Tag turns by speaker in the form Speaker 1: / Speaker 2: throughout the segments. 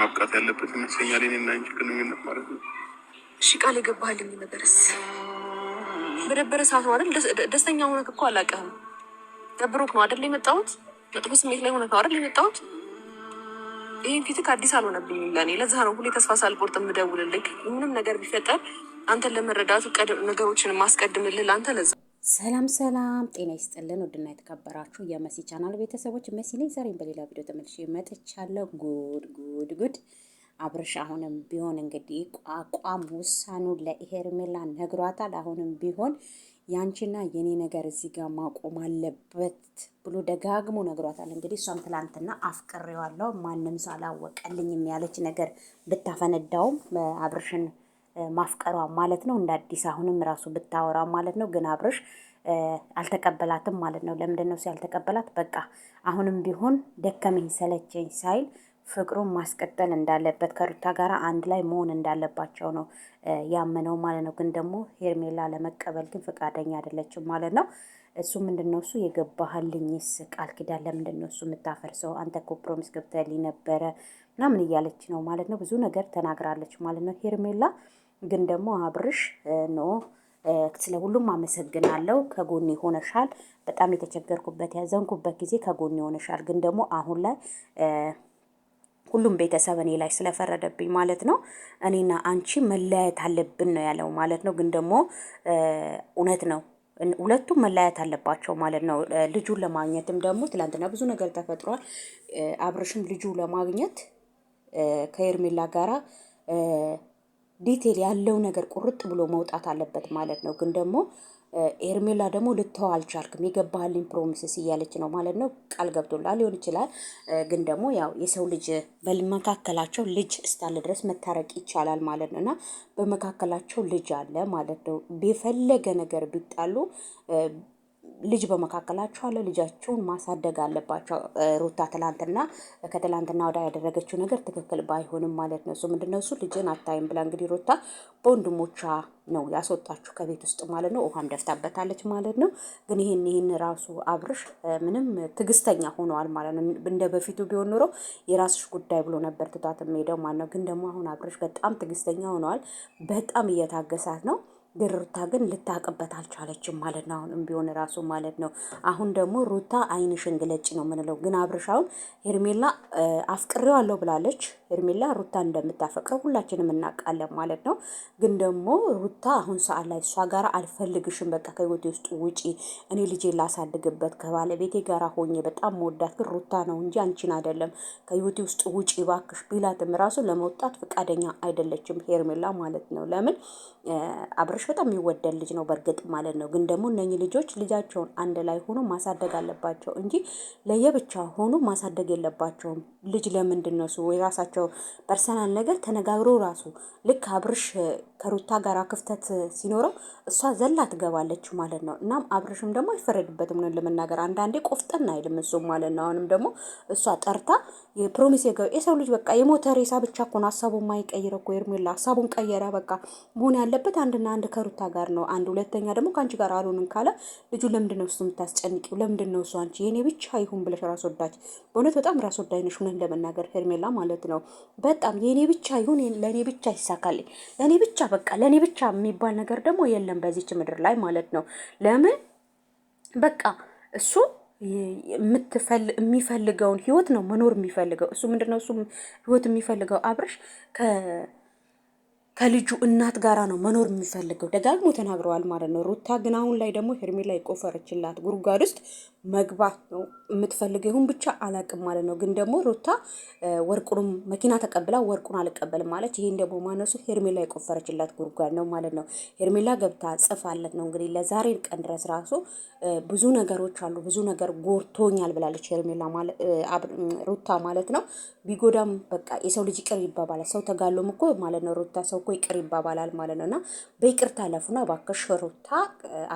Speaker 1: ማብቃት ያለበት ይመስለኛል። እኔና አንቺ ግንኙነት ማለት ነው።
Speaker 2: እሺ ቃል የገባህልኝ ነበረስ በደበረ ሰዓት ነው አይደል? ደስተኛ ሆነህ እኮ አላውቅህም። ደብሮክ ነው አይደል የመጣሁት? መጥፎ ስሜት ላይ ሆነህ ነው አይደል የመጣሁት? ይህን ፊትህ አዲስ አልሆነብኝ ለእኔ። ለዛ ነው ሁሌ ተስፋ ሳልቆርጥ የምደውልልህ። ምንም ነገር ቢፈጠር አንተን ለመረዳቱ ነገሮችን ማስቀድምልህ ለአንተ ለዛ
Speaker 3: ሰላም ሰላም፣ ጤና ይስጥልን ውድና የተከበራችሁ የመሲ ቻናል ቤተሰቦች፣ መሲ ነኝ። ዛሬም በሌላ ቪዲዮ ተመልሼ መጥቻለሁ። ጉድ ጉድ ጉድ! አብርሽ አሁንም ቢሆን እንግዲህ አቋም ውሳኑን ለሄርሜላ ነግሯታል። አሁንም ቢሆን ያንቺና የኔ ነገር እዚህ ጋር ማቆም አለበት ብሎ ደጋግሞ ነግሯታል። እንግዲህ እሷም ትላንትና አፍቅሬዋለሁ ማንም ሰው ያለች ነገር ብታፈነዳውም አብርሽን ማፍቀሯ ማለት ነው። እንደ አዲስ አሁንም ራሱ ብታወራ ማለት ነው። ግን አብርሽ አልተቀበላትም ማለት ነው። ለምንድን ነው ያልተቀበላት? በቃ አሁንም ቢሆን ደከመኝ ሰለቸኝ ሳይል ፍቅሩን ማስቀጠል እንዳለበት ከሩታ ጋር አንድ ላይ መሆን እንዳለባቸው ነው ያመነው ማለት ነው። ግን ደግሞ ሄርሜላ ለመቀበል ግን ፈቃደኛ አይደለችም ማለት ነው። እሱ ምንድን ነው እሱ የገባህልኝስ ቃል ኪዳን ለምንድን ነው እሱ የምታፈርሰው? አንተ እኮ ፕሮሚስ ገብተህልኝ ነበረ ምናምን እያለች ነው ማለት ነው። ብዙ ነገር ተናግራለች ማለት ነው ሄርሜላ ግን ደግሞ አብርሽ ኖ ስለ ሁሉም አመሰግናለሁ። ከጎን ሆነሻል። በጣም የተቸገርኩበት ያዘንኩበት ጊዜ ከጎን ሆነሻል። ግን ደግሞ አሁን ላይ ሁሉም ቤተሰብ እኔ ላይ ስለፈረደብኝ ማለት ነው እኔና አንቺ መለያየት አለብን ነው ያለው ማለት ነው። ግን ደግሞ እውነት ነው ሁለቱም መለያየት አለባቸው ማለት ነው። ልጁን ለማግኘትም ደግሞ ትላንትና ብዙ ነገር ተፈጥሯል። አብርሽም ልጁ ለማግኘት ከኤርሜላ ጋራ ዲቴል ያለው ነገር ቁርጥ ብሎ መውጣት አለበት ማለት ነው። ግን ደግሞ ኤርሜላ ደግሞ ልተው አልቻልክም የገባህልኝ ፕሮሚስስ እያለች ነው ማለት ነው። ቃል ገብቶላ ሊሆን ይችላል። ግን ደግሞ ያው የሰው ልጅ በመካከላቸው ልጅ እስካለ ድረስ መታረቅ ይቻላል ማለት ነው እና በመካከላቸው ልጅ አለ ማለት ነው። የፈለገ ነገር ቢጣሉ ልጅ በመካከላችሁ አለ። ልጃችሁን ማሳደግ አለባቸው። ሩታ ትላንትና ከትላንትና ወዳ ያደረገችው ነገር ትክክል ባይሆንም ማለት ነው እሱ ምንድን ነው እሱ ልጅን አታይም ብላ እንግዲህ ሩታ በወንድሞቿ ነው ያስወጣችሁ ከቤት ውስጥ ማለት ነው። ውሃም ደፍታበታለች ማለት ነው። ግን ይህን ይህን ራሱ አብርሽ ምንም ትግስተኛ ሆነዋል ማለት ነው። እንደ በፊቱ ቢሆን ኖሮ የራስሽ ጉዳይ ብሎ ነበር ትቷት የሚሄደው ማለት ነው። ግን ደግሞ አሁን አብርሽ በጣም ትግስተኛ ሆነዋል። በጣም እየታገሳት ነው ድርታ ግን ልታቅበት አልቻለችም ማለት ነው። አሁንም ቢሆን ራሱ ማለት ነው። አሁን ደግሞ ሩታ አይንሽን ግለጭ ነው የምንለው። ግን አብርሻውን ሄርሜላ አፍቅሬዋለሁ ብላለች። ሄርሜላ ሩታ እንደምታፈቅረው ሁላችንም እናውቃለን ማለት ነው። ግን ደግሞ ሩታ አሁን ሰዓት ላይ እሷ ጋር አልፈልግሽም፣ በቃ ከህይወቴ ውስጥ ውጪ፣ እኔ ልጄ ላሳድግበት ከባለቤቴ ጋር ሆኜ በጣም መወዳት ግን ሩታ ነው እንጂ አንቺን አይደለም፣ ከህይወቴ ውስጥ ውጪ ባክሽ ቢላትም ራሱ ለመውጣት ፈቃደኛ አይደለችም ሄርሜላ ማለት ነው። ለምን አብርሽ በጣም የሚወደድ ልጅ ነው በእርግጥ ማለት ነው። ግን ደግሞ እነኚህ ልጆች ልጃቸውን አንድ ላይ ሆኖ ማሳደግ አለባቸው እንጂ ለየብቻ ሆኖ ማሳደግ የለባቸውም። ልጅ ለምንድን ነው እሱ የራሳቸው ፐርሰናል ነገር ተነጋግሮ ራሱ ልክ አብርሽ ከሩታ ጋር ክፍተት ሲኖረው እሷ ዘላ ትገባለች ማለት ነው። እናም አብርሽም ደግሞ አይፈረድበትም ነው ለመናገር አንዳንዴ ቆፍጠን አይልም እሱም ማለት ነው። አሁንም ደግሞ እሷ ጠርታ የፕሮሚስ የሰው ልጅ በቃ የሞተ ሬሳ ብቻ እኮ ነው ሀሳቡን ማይቀይረ እኮ ሄርሜላ ሀሳቡን ቀየረ። በቃ መሆን ያለበት አንድና አንድ ከሩታ ጋር ነው አንድ፣ ሁለተኛ ደግሞ ከአንቺ ጋር አልሆንም ካለ ልጁ ለምንድን ነው እሱ የምታስጨንቂው? ለምንድን ነው እሱ አንቺ የኔ ብቻ ይሁን ብለሽ ራስ ወዳጅ፣ በእውነት በጣም ራስ ወዳጅ ነሽ እውነት ለመናገር ሄርሜላ ማለት ነው። በጣም የኔ ብቻ ይሁን ለእኔ ብቻ ይሳካል፣ ለእኔ ብቻ በቃ ለእኔ ብቻ የሚባል ነገር ደግሞ የለም በዚች ምድር ላይ ማለት ነው። ለምን በቃ እሱ የሚፈልገውን ህይወት ነው መኖር የሚፈልገው እሱ ምንድነው እሱ ህይወት የሚፈልገው አብረሽ ከልጁ እናት ጋራ ነው መኖር የሚፈልገው። ደጋግሞ ተናግረዋል ማለት ነው። ሩታ ግን አሁን ላይ ደግሞ ሄርሜላ የቆፈረችላት ጉድጓድ ውስጥ መግባት ነው የምትፈልገው። ይሁን ብቻ አላቅም ማለት ነው። ግን ደግሞ ሩታ ወርቁንም መኪና ተቀብላ ወርቁን አልቀበልም ማለት ይሄን ደግሞ ማነሱ ሄርሜላ የቆፈረችላት ጉድጓድ ነው ማለት ነው። ሄርሜላ ገብታ ጽፋለት ነው እንግዲህ ለዛሬ ቀን ድረስ ራሱ ብዙ ነገሮች አሉ። ብዙ ነገር ጎርቶኛል ብላለች ሄርሜላ ሩታ ማለት ነው። ቢጎዳም በቃ የሰው ልጅ ይቅር ይባባላል። ሰው ተጋሎም እኮ ማለት ነው ሩታ ሰው እኮ ይቅር ይባባላል ማለት ነው። እና በይቅርታ ለፉና ባከሽ ሩታ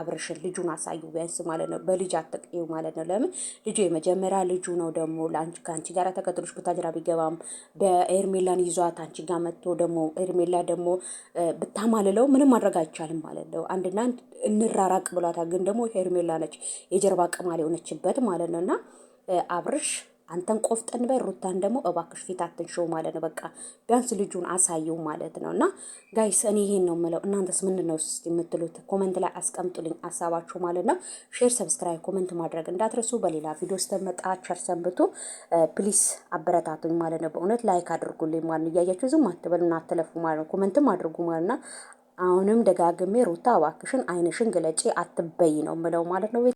Speaker 3: አብረሽን ልጁን አሳዩ ቢያንስ ማለት ነው። በልጅ አትቅዩ ማለት ነው። ለምን ልጁ የመጀመሪያ ልጁ ነው። ደግሞ ከአንቺ ጋር ተከትሎች ብታጅራ ቢገባም በኤርሜላን ይዟት አንቺ ጋር መጥቶ ደግሞ ኤርሜላ ደግሞ ብታማልለው ምንም ማድረግ አይቻልም ማለት ነው። አንድና አንድ እንራራቅ ብሏታል። ግን ደግሞ ኤርሜላ ነች የጀርባ ቅማል የሆነችበት ማለት ነው እና አብርሽ አንተን ቆፍጠን በይ፣ ሩታን ደግሞ እባክሽ ፊት አትንሽው ማለት ነው። በቃ ቢያንስ ልጁን አሳየው ማለት ነው። እና ጋይስ እኔ ይሄን ነው የምለው። እናንተስ ምንድን ነው የምትሉት? ኮመንት ላይ አስቀምጡልኝ ሀሳባችሁ ማለት ነው። ሼር፣ ሰብስክራይብ፣ ኮመንት ማድረግ እንዳትረሱ። በሌላ ቪዲዮ ስተመጣ ቸር ሰንብቱ። ፕሊስ አበረታቱኝ ማለት ነው። በእውነት ላይክ አድርጉልኝ ማለት ነው። እያያችሁ ዝም አትበሉና አትለፉ ማለት ነው። ኮመንትም አድርጉ ማለት ነው። አሁንም ደጋግሜ ሩታ እባክሽን አይንሽን ግለጪ አትበይ ነው የምለው ማለት ነው።